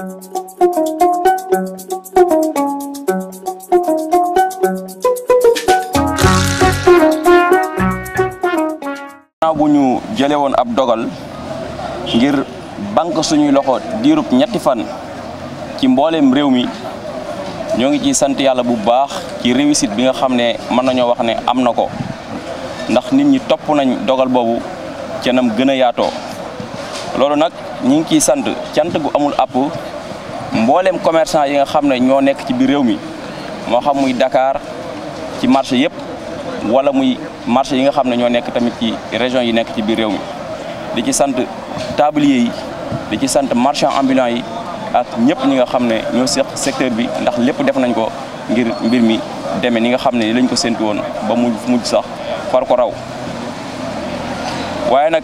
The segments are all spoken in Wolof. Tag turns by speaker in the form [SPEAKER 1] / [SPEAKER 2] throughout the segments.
[SPEAKER 1] gannaaw bu ñu jëlee woon ab dogal ngir banque suñuy loxo diirub ñetti fan ci mbooleem réew mi ñoo ngi ciy sant yàlla bu baax ci réussite bi nga xam ne mën nañoo wax ne am na ko ndax nit ñi topp nañ dogal boobu ca nam gën a yaatoo loolu nag ñi ngi ciy sant cant gu amul àpp mbooleem commerçant yi nga xam ne ñoo nekk ci biir réew mi moo xam muy dakaar ci marché yëpp wala muy marché yi nga xam ne ñoo nekk tamit ci région yi nekk ci biir réew mi di ci sant tablier yi di ci sant marchand ambulant yi ak ñëpp ñi nga xam ne ñoo seq secteur bi ndax lépp def nañ ko ngir mbir mi demee ni nga xam ne lañ ko séntu woon ba mu mujj sax far ko raw waaye nag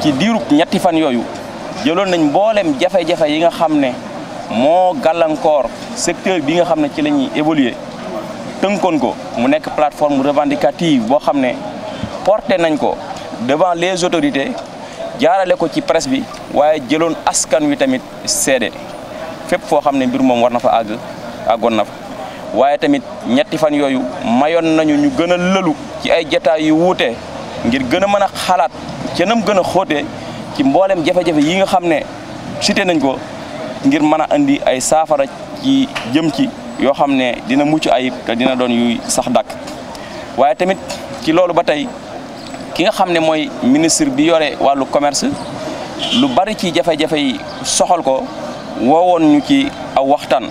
[SPEAKER 1] ci diiru ñetti fan yooyu jëloon nañ mbooleem jafe-jafe yi nga xam ne moo gàllankoor secteur bi nga xam ne ci la ñuy évoluer tënkoon ko mu nekk plateforme revendicative boo xam ne porté nañ ko devant les autorités jaarale ko ci presse bi waaye jëloon askan wi tamit seede fépp foo xam ne mbir moom war na fa àgg àggoon na fa waaye tamit ñetti fan yooyu mayoon nañu ñu gën a lëlu ci ay jataay yu wuute ngir gën a mën a xalaat ca nam gën a xóote ci mboolem jafe-jafe yi nga xam ne cité nañ ko ngir mën a indi ay saafara ci jëm ci yoo xam ne dina mucc ayib te dina doon yuy sax dàkk waaye tamit ci loolu ba tey ki nga xam ne mooy ministre bi yore wàllu commerce lu bari ci jafe-jafe yi soxal ko woowoon ñu ci aw waxtaan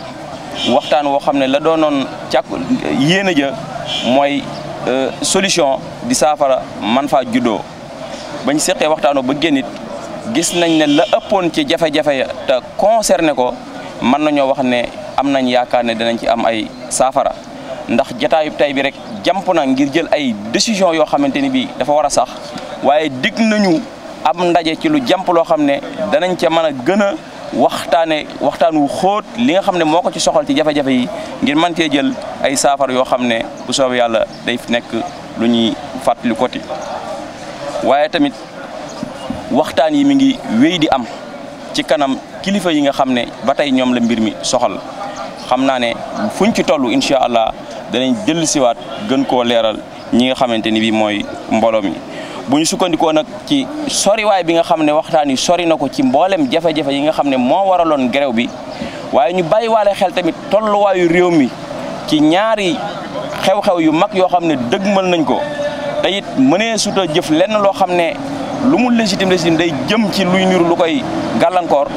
[SPEAKER 1] waxtaan woo xam ne la doonoon càkk yéen a ja mooy euh, solution di saafara man faa juddoo bañ seqee waxtaanoo ba génnit gis nañ ne la ëppoon ci jafe-jafe ya concerné ko mën nañoo wax ne am nañ yaakaar ne danañ ci am ay saafara ndax jataayub tay bi rek jàmp na ngir jël ay décision yoo xamante ni bii dafa war a sax waaye digg nañu am ndaje ci lu jàmp loo xam ne danañ ca mën a gën a waxtaane waxtaan wu xóot li nga xam ne moo ko ci soxal ci jafe-jafe yi ngir mën cee jël ay saafara yoo xam ne bu soobe yàlla day nekk lu ñuy fàttali koti waaye tamit waxtaan yi mi ngi wéy di am ci kanam kilifa yi nga xam ne ba tey ñoom la mbir mi soxal xam naa ne fuñ ci toll incha allah danañ jël siwaat gën koo leeral ñi nga xamante ni bii mooy mbooloo mi. bu ñu sukkandikoo nag ci soriwaay bi nga xam ne waxtaan yi sori na ko ci mboolem jafe-jafe yi nga xam ne moo waraloon grève bi waaye ñu bàyyiwaale xel tamit tolluwaayu réew mi ci ñaari xew-xew yu mag yoo xam ne dëgmal nañ ko te it jëf lenn loo lu mu légitime légitime day jëm ci luy niru lu koy gàllankoor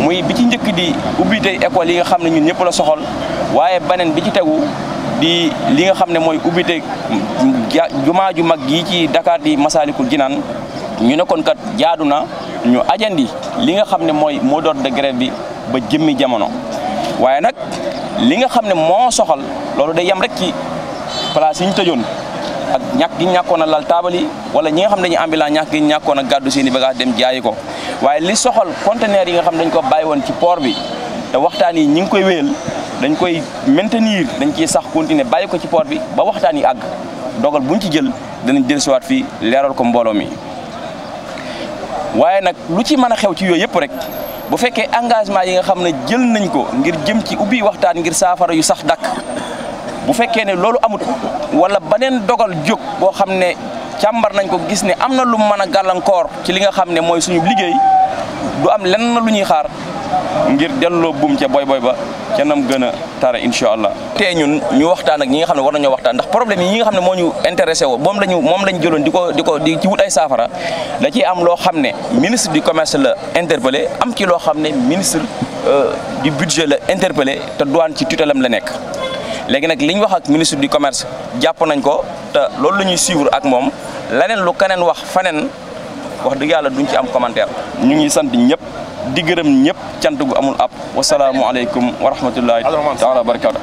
[SPEAKER 1] muy bi ci njëkk di ubbi tey école yi nga xam ne ñun ñëpp la soxal waaye beneen bi ci tegu di li nga xam ne mooy ubbi tey ju mag yi ci Dakar di Masaalikul ñu nekkoon kat jaadu na ñu ajandi li nga xam ne mooy moo d'ordre de grève bi ba jëmmi jamono waaye nag li nga xam ne moo soxal loolu day yem rek ci place yi ñu tëjoon. ak ñàkk gi ñàkkoon a lal taabal yi wala ñi nga xam dañuy ambulant ñàkk gi ñàkkoon a gàddu seen i bagage dem jaayi ko waaye li soxal conteneur yi nga xam dañ ko bàyyi woon ci poor bi te waxtaan yi ñi ngi koy wéyal dañ koy maintenir dañ ciy sax continuer bàyyi ko ci port bi ba waxtaan yi àgg dogal buñ ci jël danañ jël siwaat fii leeral ko mbooloo mi waaye nag lu ci mën a xew ci yooyu yëpp rek bu fekkee engagement yi nga xam ne jël nañ ko ngir jëm ci ubbi waxtaan ngir saafara yu sax dakk bu fekkee ne loolu amut wala beneen dogal jóg boo xam ne càmbar nañ ko gis ne am na lu mën a gàllankoor ci li nga xam ne mooy suñu liggéey du am lenn lu ñuy xaar ngir delloo buum ca boy boy ba ca nam gën a tare incha allah. te ñun ñu waxtaan ak ñi nga xam ne war nañoo waxtaan ndax problème yi ñi nga xam ne moo ñu intéressé moom lañu moom lañ jëloon di ko di ko di ci wut ay saafara da ciy am loo xam ne ministre du commerce la interpellé am ci loo xam ne ministre euh, du budget la interpellé te douane ci tutelam la nekk. léegi nag li ñu wax ak ministre du commerce jàpp nañ ko te loolu la ñuy suivre ak moom leneen lu keneen wax feneen wax dëgg yàlla duñ ci am commentaire ñu ngi sant ñëpp di gërëm ñëpp cant gu amul ab wasalaamualeykum wa rahmatullahi taala wa barakatu